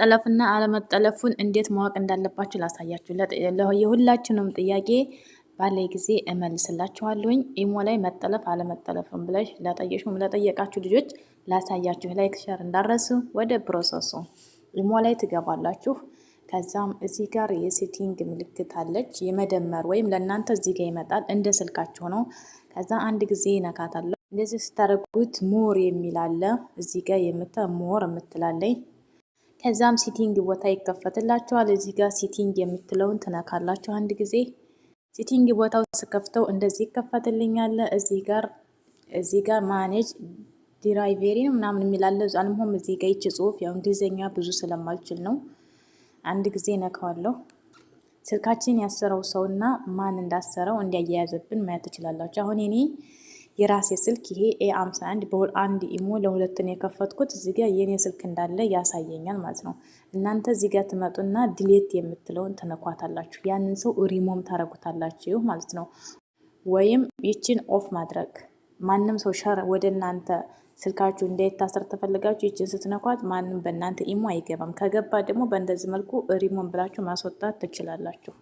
መጠለፍና አለመጠለፉን እንዴት ማወቅ እንዳለባችሁ ላሳያችሁ። የሁላችንም ጥያቄ ባለ ጊዜ እመልስላችኋለሁኝ። ኢሞ ላይ መጠለፍ አለመጠለፍን ብለሽ ለጠየሹም ለጠየቃችሁ ልጆች ላሳያችሁ። ላይክ ሸር እንዳረሱ። ወደ ፕሮሰሱ ኢሞ ላይ ትገባላችሁ። ከዛም እዚህ ጋር የሴቲንግ ምልክት አለች፣ የመደመር ወይም ለእናንተ እዚህ ጋር ይመጣል እንደ ስልካችሁ ነው። ከዛ አንድ ጊዜ ይነካታለሁ። እንደዚህ ስታደርጉት ሞር የሚላለ እዚህ ጋር የምተ ሞር የምትላለኝ ከዛም ሲቲንግ ቦታ ይከፈትላችኋል። እዚህ ጋር ሲቲንግ የምትለውን ትነካላችሁ አንድ ጊዜ። ሲቲንግ ቦታው ስከፍተው እንደዚህ ይከፈትልኛል። እዚህ ጋር እዚህ ጋር ማኔጅ ድራይቨሪ ነው ምናምን የሚላለ አልምሆም እዚህ ጋር ይቺ ጽሁፍ ያው እንግሊዝኛ ብዙ ስለማልችል ነው። አንድ ጊዜ ነካዋለሁ። ስልካችን ያሰረው ሰውና ማን እንዳሰረው እንዲያያያዘብን ማየት ትችላላችሁ። አሁን እኔ የራሴ ስልክ ይሄ ኤ 51 በሁል አንድ ኢሞ ነው የከፈትኩት እዚህ ጋር የኔ ስልክ እንዳለ ያሳየኛል ማለት ነው። እናንተ እዚህ ጋር ትመጡና ድሌት የምትለውን ትነኳታላችሁ። ያንን ሰው ሪሞም ታረጉታላችሁ ማለት ነው። ወይም ይችን ኦፍ ማድረግ ማንም ሰው ሸር ወደ እናንተ ስልካችሁ እንዳይታሰር ተፈልጋችሁ ይችን ስትነኳት ማንም በእናንተ ኢሞ አይገባም። ከገባ ደግሞ በእንደዚህ መልኩ ሪሞን ብላችሁ ማስወጣት ትችላላችሁ።